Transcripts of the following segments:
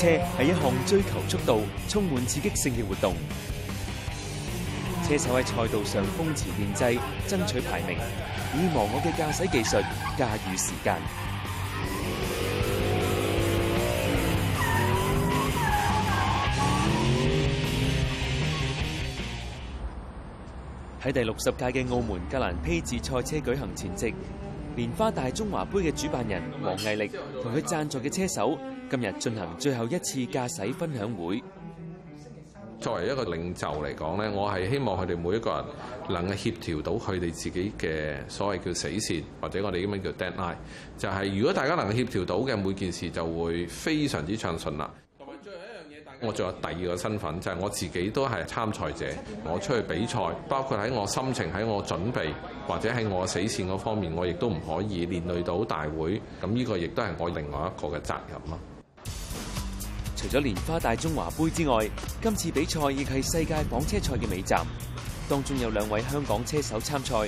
車係一項追求速度、充滿刺激性嘅活動，車手喺賽道上風馳電掣，爭取排名，以忘我嘅駕駛技術，駕馭時間。喺第六十屆嘅澳門格蘭披治賽車舉行前夕，蓮花大中華杯嘅主辦人王毅力同佢贊助嘅車手。今日進行最後一次駕駛分享會。作為一個領袖嚟講呢，我係希望佢哋每一個人能夠協調到佢哋自己嘅所謂叫死線，或者我哋咁樣叫 deadline。就係如果大家能夠協調到嘅每件事，就會非常之暢順啦。同埋最後一樣嘢，我仲有第二個身份，就係、是、我自己都係參賽者。我出去比賽，包括喺我心情、喺我準備或者喺我嘅死線嗰方面，我亦都唔可以連累到大會。咁呢個亦都係我另外一個嘅責任。除咗蓮花大中華杯之外，今次比賽亦係世界房車賽嘅尾站，當中有兩位香港車手參賽，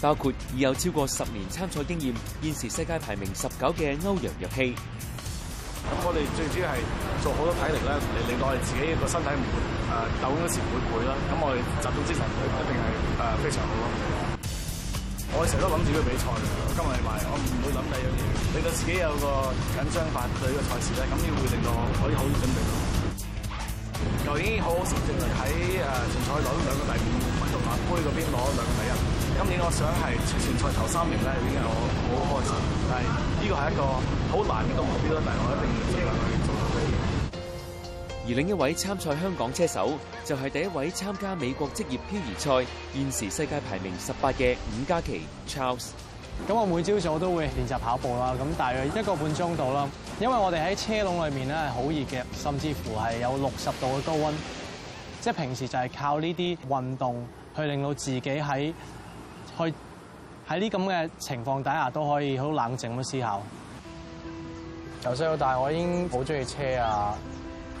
包括已有超過十年參賽經驗、現時世界排名十九嘅歐陽若曦。咁我哋最主要係做好多體力咧，嚟令到我哋自己個身體唔、呃、會誒抖嗰時唔會攰啦。咁我哋集中精神，一定係誒非常好咯。我成日都諗住個比賽，今日嚟埋，我唔會諗第二樣嘢。令到自己有個緊張感對個賽事咧，咁要會令到我可以好準備好。 舊年好好成績嚟喺誒全賽攞攞兩個第五，同馬杯嗰邊攞兩個第一。今年我想係前賽頭三名咧，已經係我好開心。係，呢 個係一個好難嘅目標啦，但係 我一定要做到。而另一位參賽香港車手就係第一位參加美國職業漂移賽，現時世界排名十八嘅伍家麒 Charles。咁我每朝早都會練習跑步啦，咁大約一個半鐘度啦。因為我哋喺車籠裏面咧係好熱嘅，甚至乎係有六十度嘅高溫。即係平時就係靠呢啲運動去令到自己喺去喺呢咁嘅情況底下都可以好冷靜咁思考。由細到大，我已經好中意車啊。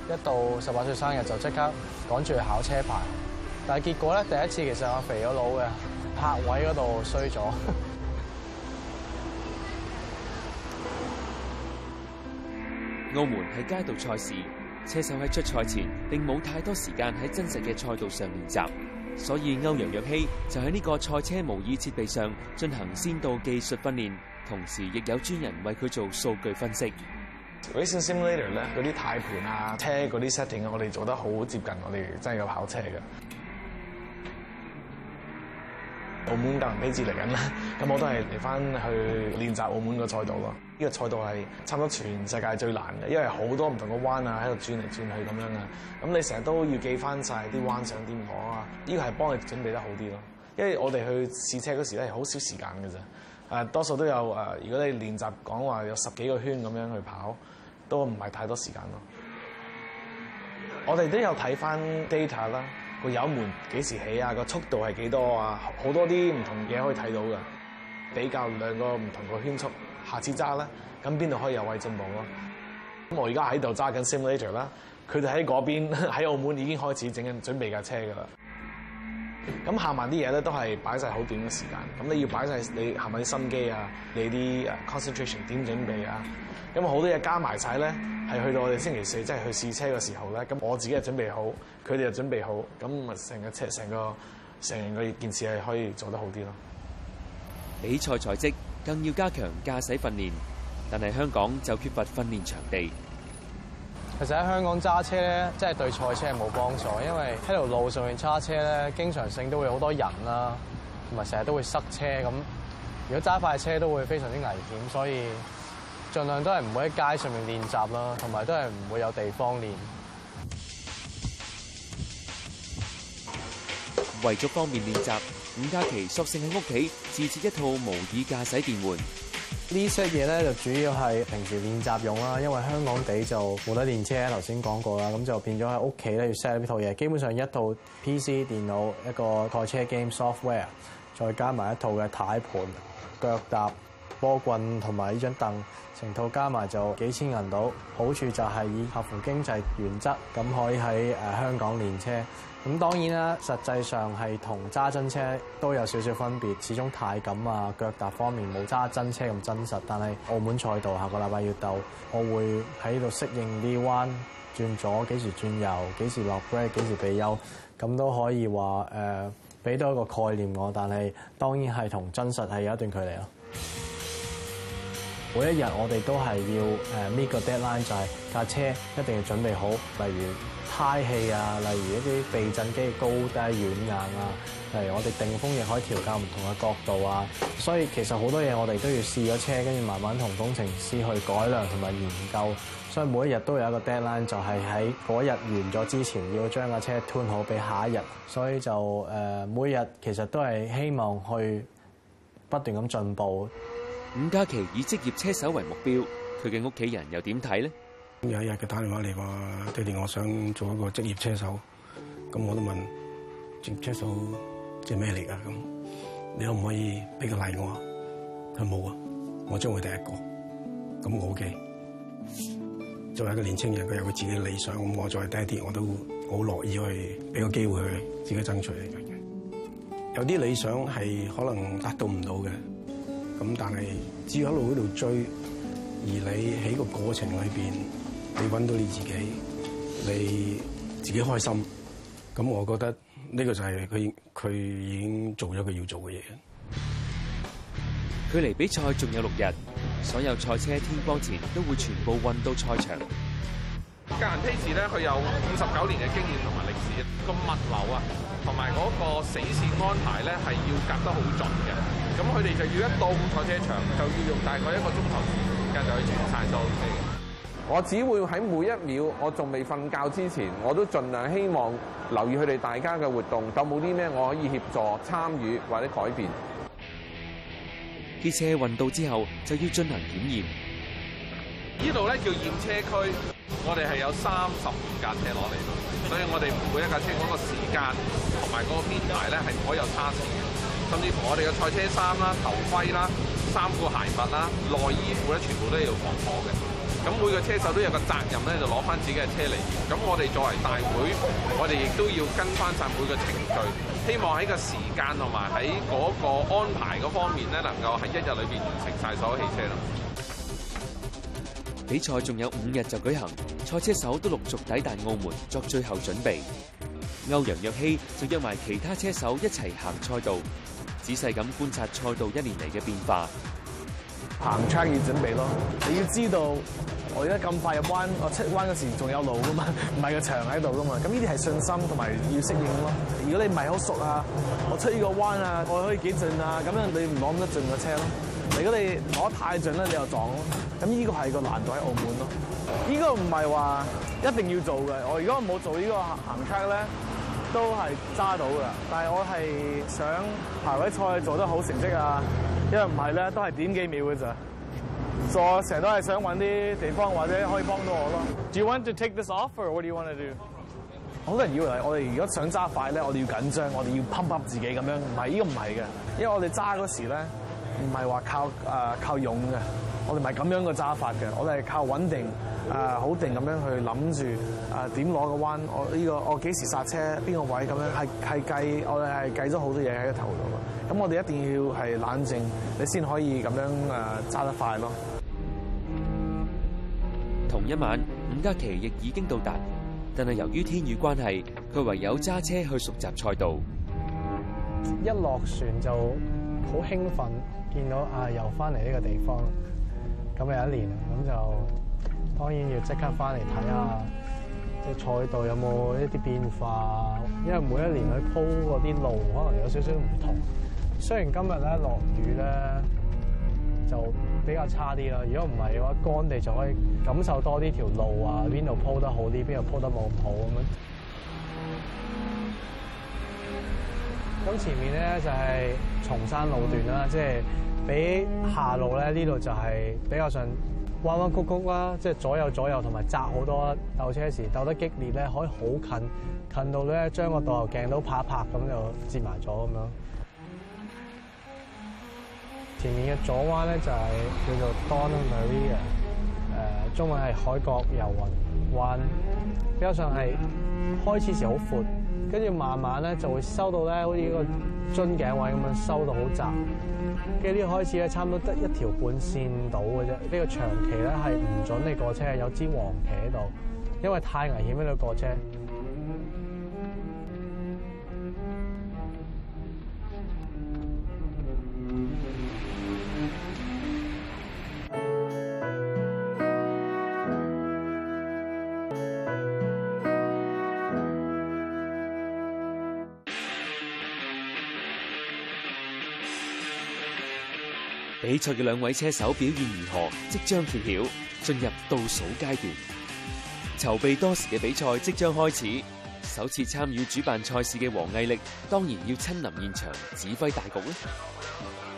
一到十八歲生日就即刻趕住去考車牌，但係結果咧，第一次其實我肥咗佬嘅，泊位嗰度衰咗。澳門係街道賽事，車手喺出賽前並冇太多時間喺真實嘅賽道上練習，所以歐陽若曦就喺呢個賽車模擬設備上進行先導技術訓練，同時亦有專人為佢做數據分析。Race simulator 咧，啲軚盤啊、車嗰啲 setting，啊，我哋做得好接近我哋真係有跑車嘅。澳門格蘭彼治呢次嚟緊啦，咁我都係嚟翻去練習澳門個賽、呢個賽道咯。呢個賽道係差唔多全世界最難嘅，因為好多唔同嘅彎啊，喺度轉嚟轉去咁樣啊。咁你成日都要記翻晒啲彎上點講啊，呢、呢個係幫你準備得好啲咯。因為我哋去試車嗰時咧，係好少時間嘅啫。誒多數都有誒，如果你練習講話有十幾個圈咁樣去跑，都唔係太多時間咯。我哋都有睇翻 data 啦，個油門幾時起啊，個速度係幾多啊，好多啲唔同嘢可以睇到㗎。比較兩個唔同個圈速，下次揸呢，咁邊度可以有位進步咯。咁我而家喺度揸緊 simulator 啦，佢哋喺嗰邊喺澳門已經開始整緊準備架車噶啦。咁下埋啲嘢咧都係擺晒好短嘅時間，咁你要擺晒，你下埋啲心機啊，你啲 concentration 點準備啊，咁好多嘢加埋晒咧，係去到我哋星期四即係、就是、去試車嘅時候咧，咁我自己又準備好，佢哋又準備好，咁咪成個車成個成個件事係可以做得好啲咯。比賽在即更要加強駕駛訓練，但係香港就缺乏訓練場地。其實喺香港揸車咧，即係對賽車係冇幫助，因為喺條路上面揸車咧，經常性都會好多人啦，同埋成日都會塞車咁。如果揸快車都會非常之危險，所以儘量都係唔會喺街上面練習啦，同埋都係唔會有地方練。為咗方便練習，伍家麒索性喺屋企自製一套模擬駕駛電玩。呢些嘢咧就主要係平時練習用啦，因為香港地就冇得練車，頭先講過啦，咁就變咗喺屋企咧要 set 呢套嘢。基本上一套 PC 電腦，一個賽車 game software，再加埋一套嘅呔盤、腳踏、波棍同埋呢張凳。成套加埋就幾千銀到，好處就係以合乎經濟原則，咁可以喺、呃、香港練車。咁當然啦，實際上係同揸真車都有少少分別，始終太感啊，腳踏方面冇揸真車咁真實。但係澳門賽道下個禮拜要鬥，我會喺度適應啲彎，轉左幾時轉右，幾時落 brake，幾時俾油，咁都可以話誒俾多一個概念我。但係當然係同真實係有一段距離啦。每一日我哋都係要誒 meet 個 deadline，就係架車一定要準備好，例如胎氣啊，例如一啲避震機高低軟硬啊，例如我哋定風亦可以調校唔同嘅角度啊。所以其實好多嘢我哋都要試咗車，跟住慢慢同工程師去改良同埋研究。所以每一日都有一個 deadline，就係喺嗰日完咗之前，要將架車 tune 好俾下一日。所以就誒、呃，每日其實都係希望去不斷咁進步。伍家麒以職業車手為目標，佢嘅屋企人又點睇咧？有一日佢打電話嚟，話，爹哋，我想做一個職業車手。咁我都問，職業車手即係咩嚟噶？咁你可唔可以俾個例我？佢冇啊，我將會第一個。咁我 OK。作為一個年青人，佢有佢自己嘅理想。咁我作為爹哋，我都好樂意去俾個機會去自己爭取。有啲理想係可能達到唔到嘅。咁但係只要一路喺度追，而你喺個過程裏邊，你揾到你自己，你自己開心，咁我覺得呢個就係佢佢已經做咗佢要做嘅嘢。距離比賽仲有六日，所有賽車喺天光前都會全部運到賽場。格蘭彼治呢，佢有五十九年嘅經驗同埋歷史，咁物流啊，同埋嗰個死線安排咧，係要夾得好準嘅。咁佢哋就要一到賽車場，就要用大概一個鐘頭時間就可以轉曬到車。我只會喺每一秒，我仲未瞓覺之前，我都盡量希望留意佢哋大家嘅活動，有冇啲咩我可以協助、參與或者改變。啲車運到之後，就要進行檢驗。呢度咧叫驗車區，我哋係有三十五架車落嚟，所以我哋每一架車嗰個時間同埋嗰個編排咧係唔可以有差池。甚至乎我哋嘅賽車衫啦、頭盔啦、衫褲鞋襪啦、內衣褲咧，全部都要防火嘅。咁每個車手都有個責任咧，就攞翻自己嘅車嚟。咁我哋作為大會，我哋亦都要跟翻曬每個程序。希望喺個時間同埋喺嗰個安排嗰方面咧，能夠喺一日裏邊完成曬所有汽車啦。比賽仲有五日就舉行，賽車手都陸續抵達澳門作最後準備。歐陽若曦就約埋其他車手一齊行賽道。仔細咁觀察賽道一年嚟嘅變化，行測要準備咯。你要知道，我而家咁快入彎，我出彎嘅時仲有路噶嘛，唔係個牆喺度噶嘛。咁呢啲係信心同埋要適應咯。如果你唔係好熟啊，我出呢個彎啊，我可以幾盡啊，咁樣你唔攞咁得盡個車咯。如果你攞得太盡咧，你又撞咯。咁呢個係個難度喺澳門咯。呢個唔係話一定要做嘅。我如果冇做呢個行測咧。都係揸到噶，但係我係想排位賽做得好成績啊！因為唔係咧，都係點幾秒嘅咋。我成日都係想搵啲地方或者可以幫到我咯。Do you want to take this offer? What do you want to do? 好多人以為我哋如果想揸快咧，我哋要緊張，我哋要 pump up 自己咁樣，唔係，呢、呢個唔係嘅，因為我哋揸嗰時咧，唔係話靠誒靠勇嘅。我哋唔係咁樣嘅揸法嘅，我哋係靠穩定，誒好定咁樣去諗住誒點攞個彎，我呢個我幾時剎車，邊個位咁樣係係計，我哋係計咗好多嘢喺個頭度嘅。咁我哋一定要係冷靜，你先可以咁樣誒揸得快咯。同一晚，伍家麒亦已經到達，但係由於天雨關係，佢唯有揸車去熟習賽道。一落船就好興奮，見到啊又翻嚟呢個地方。咁有一年，咁就當然要即刻翻嚟睇下，即係賽道有冇一啲變化。因為每一年去鋪嗰啲路，可能有少少唔同。雖然今日咧落雨咧，就比較差啲啦。如果唔係嘅話，乾地就可以感受多啲條路啊，邊度鋪得好啲，邊度鋪得冇咁好咁樣。咁前面咧就係松山路段啦，即係比下路咧，呢度就係比較上彎彎曲曲啦，即係左右左右同埋窄好多。鬥車時鬥得激烈咧，可以好近，近到咧將個導遊鏡都拍一拍咁就折埋咗咁樣。前面嘅左彎咧就係叫做 Donna Maria，誒，中文係海角遊雲彎，比較上係開始時好闊。跟住慢慢咧就會收到咧，好似個樽頸位咁樣收到好窄。跟住呢開始咧，差唔多得一條半線到嘅啫。呢個長期咧係唔准你過車，有支黃旗喺度，因為太危險喺度過車。比賽嘅兩位車手表現如何，即將揭曉。進入倒數階段，籌備多時嘅比賽即將開始。首次參與主辦賽事嘅黃毅力，當然要親臨現場指揮大局啦。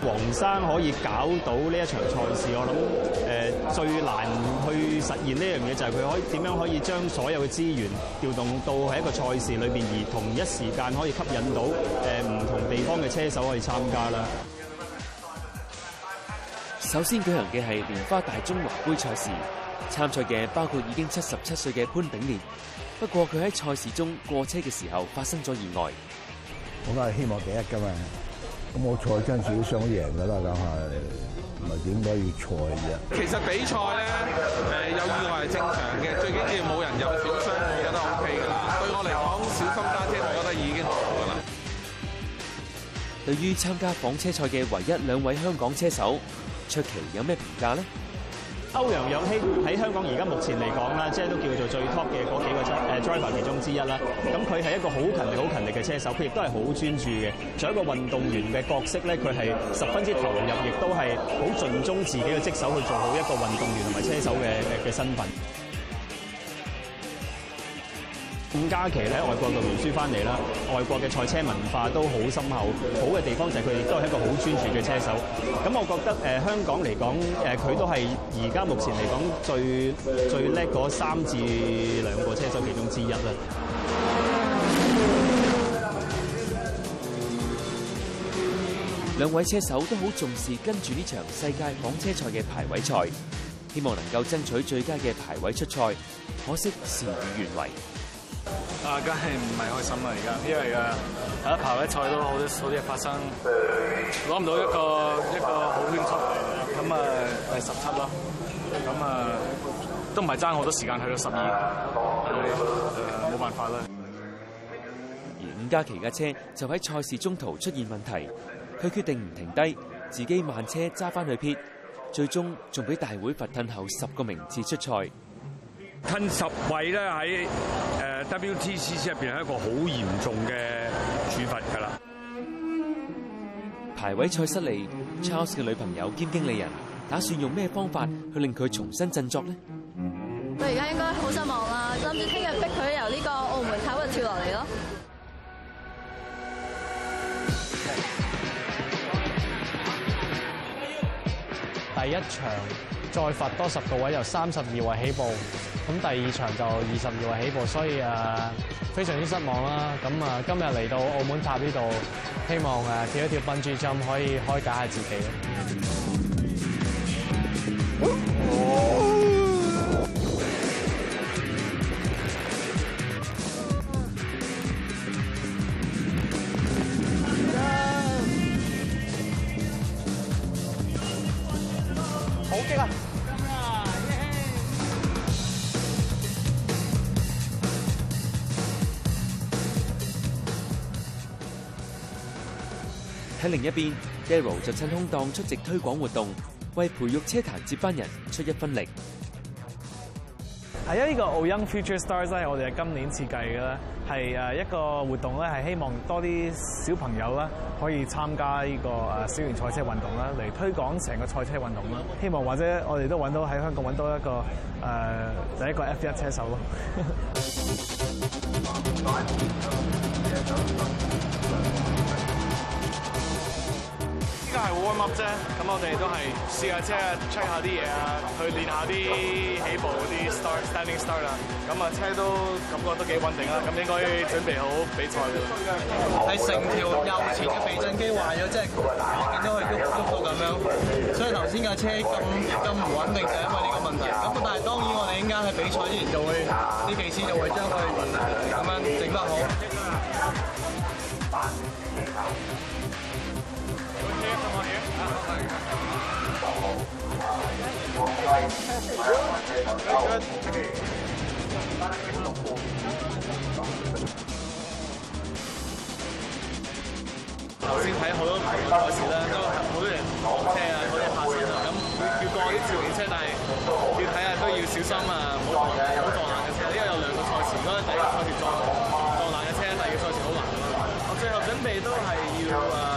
黃生可以搞到呢一場賽事，我諗誒、呃、最難去實現呢樣嘢，就係、是、佢可以點樣可以將所有嘅資源調動到喺一個賽事裏邊，而同一時間可以吸引到誒、呃、唔同地方嘅車手可以參加啦。首先舉行嘅係蓮花大中華杯賽事，參賽嘅包括已經七十七歲嘅潘炳烈，不過佢喺賽事中過車嘅時候發生咗意外。我梗係希望第一噶嘛，咁我賽真係想贏噶啦，咁係唔係點都可以賽嘅。其實比賽咧，誒有意外係正常嘅，最緊要冇人有小傷，我覺得都 OK 噶啦。對我嚟講，小心揸車，我覺得已經好啦。對於參加房車賽嘅唯一兩位香港車手。出奇有咩評價咧？歐陽若曦喺香港而家目前嚟講啦，即係都叫做最 top 嘅嗰幾個 driver 其中之一啦。咁佢係一個好勤力、好勤力嘅車手，佢亦都係好專注嘅。仲有一個運動員嘅角色咧，佢係十分之投入，亦都係好盡忠自己嘅職守去做好一個運動員同埋車手嘅嘅身份。伍家麒喺外國讀完書翻嚟啦，外國嘅賽車文化都好深厚。好嘅地方就係佢亦都係一個好專注嘅車手。咁我覺得誒，香港嚟講誒，佢都係而家目前嚟講最最叻嗰三至兩個車手其中之一啦。兩位車手都好重視跟住呢場世界房車賽嘅排位賽，希望能夠爭取最佳嘅排位出賽。可惜事與願違。啊，梗係唔係開心啦！而家，因為啊，喺排位賽都好多好啲嘢發生，攞唔到一個一個好圈速，咁啊，係十七咯，咁啊，啊，都唔係爭好多時間去到十二，誒、啊，冇辦法啦。而伍家麒嘅車就喺賽事中途出現問題，佢決定唔停低，自己慢車揸翻去撇，最終仲俾大會罰褪後十個名次出賽。近十位咧，喺誒 WTCC 入邊係一個好嚴重嘅處罰㗎啦。排位賽失利，Charles 嘅女朋友兼經理人，打算用咩方法去令佢重新振作呢？佢而家應該好失望啦，諗住聽日逼佢由呢個澳門塔嗰度跳落嚟咯。第一場。再罰多十個位，由三十二位起步，咁第二場就二十二位起步，所以誒非常之失望啦。咁啊，今日嚟到澳門塔呢度，希望誒跳一跳笨豬跳，可以開解下自己。喺另一邊 d a r o l 就趁空檔出席推廣活動，為培育車壇接班人出一分力。係啊！呢個 Young Future Stars 咧，我哋係今年設計嘅咧，係誒一個活動咧，係希望多啲小朋友咧可以參加呢個誒小型賽車運動啦，嚟推廣成個賽車運動啦。希望或者我哋都揾到喺香港揾到一個誒、呃、第一個 F1 車手咯。 warm up 啫，咁我哋都係試，試，試，試，試，試一下車啊，check 下啲嘢啊，去練下啲起步嗰啲 start standing start 啦。咁啊車都感覺都幾穩定啦，咁應該準備好比賽啦。係成條右前嘅避震機壞咗，即係見到佢喐喐到咁樣，所以頭先架車咁咁唔穩定就係因為呢個問題。咁但係當然我哋依家喺比賽之前就會啲技師就會將佢咁樣整得好。頭先睇好多唔同嘅賽事啦，都好多人撞車啊，嗰啲發生啊，咁要過啲自型車，但係要睇下都要小心啊，唔好唔好撞爛嘅車，因為有兩個賽事，嗰個第一個賽事撞撞爛嘅車，第二個賽事好難。我最後準備都係要。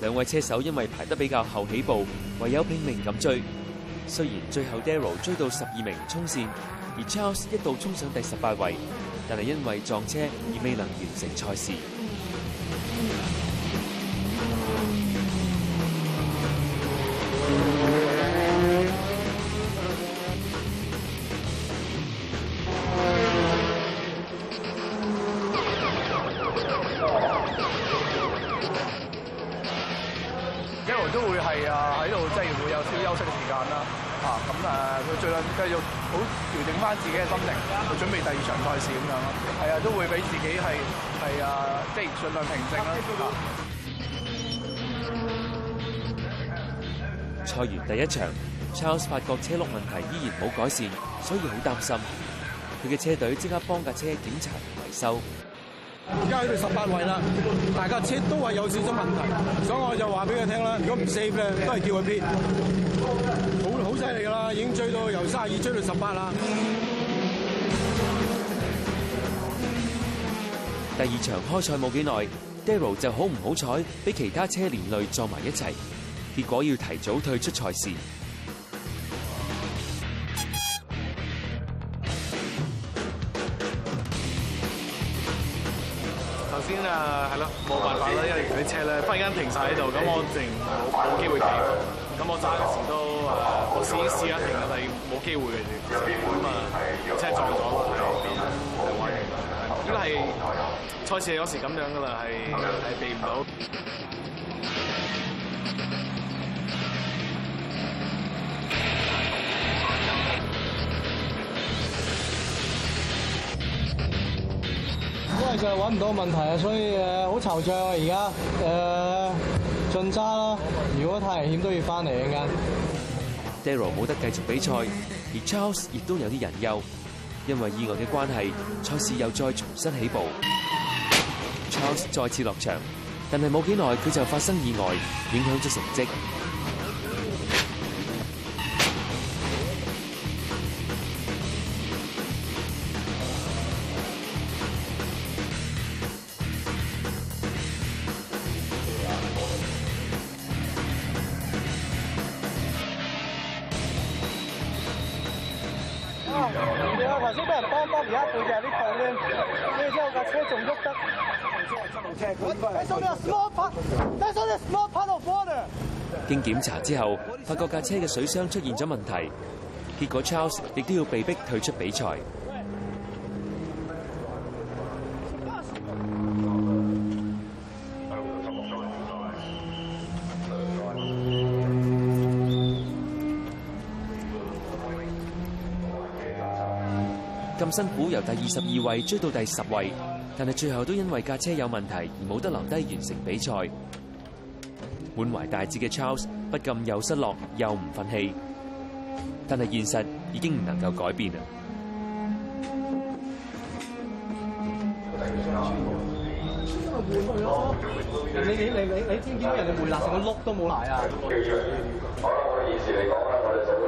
兩位車手因為排得比較後起步，唯有拼命咁追。雖然最後 Daryl 追到十二名衝線，而 Charles 一度衝上第十八位，但係因為撞車而未能完成賽事。一路都會係啊喺度，即係會有少休息嘅時間啦。啊，咁誒，佢儘量繼續好調整翻自己嘅心情，去準備第二場賽事咁樣咯。係啊，都會俾自己係係啊，即係儘量平靜啦。啊！賽完第一場，Charles 發覺車轆問題依然冇改善，所以好擔心。佢嘅車隊即刻幫架車檢查同維修。而家喺度十八位啦，大家車都係有少少問題，所以我就話俾佢聽啦。如果唔 save 嘅都係叫佢撇，好好犀利噶啦，已經追到由卅二追到十八啦。第二場開賽冇幾耐，Daryl 就好唔好彩，俾其他車連累撞埋一齊，結果要提早退出賽事。啊，係咯，冇辦法啦，因為嗰啲車咧忽然間停晒喺度，咁我淨冇冇機會停，咁我揸嘅時都誒試一試一停，但係冇機會嘅啫，咁啊，車撞咗咁後邊嗰位應該係賽事有時咁樣噶啦，係，避唔到。真係就係揾唔到問題啊！所以誒，好惆悵。啊而家誒，盡渣咯。如果太危險都要翻嚟嘅。Daryl 冇得繼續比賽，而 Charles 亦都有啲隱憂，因為意外嘅關係，賽事又再重新起步。Charles 再次落場，但係冇幾耐佢就發生意外，影響咗成績。你啊，頭先俾人幫幫，而家背架啲袋咧，跟住之後架車仲喐得。你送啲啊 small part，你送啲 small part of water。經檢查之後，發覺架車嘅水箱出現咗問題，結果 Charles 亦都要被迫退出比賽。咁辛苦由第二十二位追到第十位，但係最後都因為架車有問題而冇得留低完成比賽。滿懷大志嘅 Charles 不禁又失落又唔忿氣，但係現實已經唔能夠改變啦。因為換佢咯，你你你你你知唔知人哋換瀨成個碌都冇瀨啊？好啦，我現時嚟講咧，我哋就。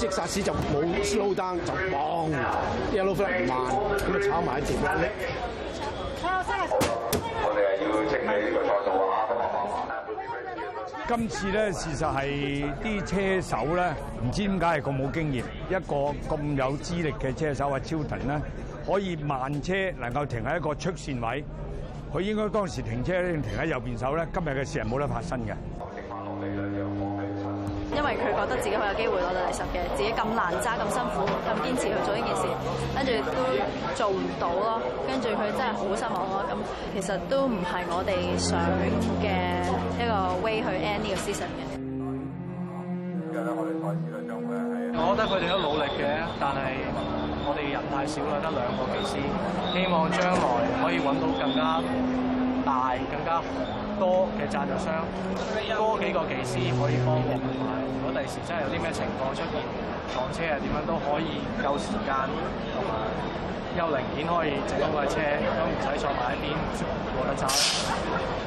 即殺死就冇 slow down 就崩，yellow flag 唔慢，咁啊炒埋一碟啦！我哋啊要整理呢個賽道啊嘛。今次咧，事實係啲車手咧，唔知點解係咁冇經驗。一個咁有資歷嘅車手啊，超騰咧，可以慢車能夠停喺一個出線位，佢應該當時停車咧，停喺右邊手咧，今日嘅事係冇得發生嘅。因為佢覺得自己好有機會攞到第十嘅，自己咁難揸咁辛苦咁堅持去做呢件事，跟住都做唔到咯，跟住佢真係好失望咯。咁其實都唔係我哋想嘅一個 way 去 end 呢個 season 嘅。我覺得佢哋都努力嘅，但係我哋人太少啦，得兩個技師，希望將來可以揾到更加大、更加好。多嘅贊助商，多幾個技師可以幫我，同埋如果第時真係有啲咩情況出現，撞車啊、點樣都可以夠時間同埋有零件，可以整好個車，都唔使再坐埋一邊過得差。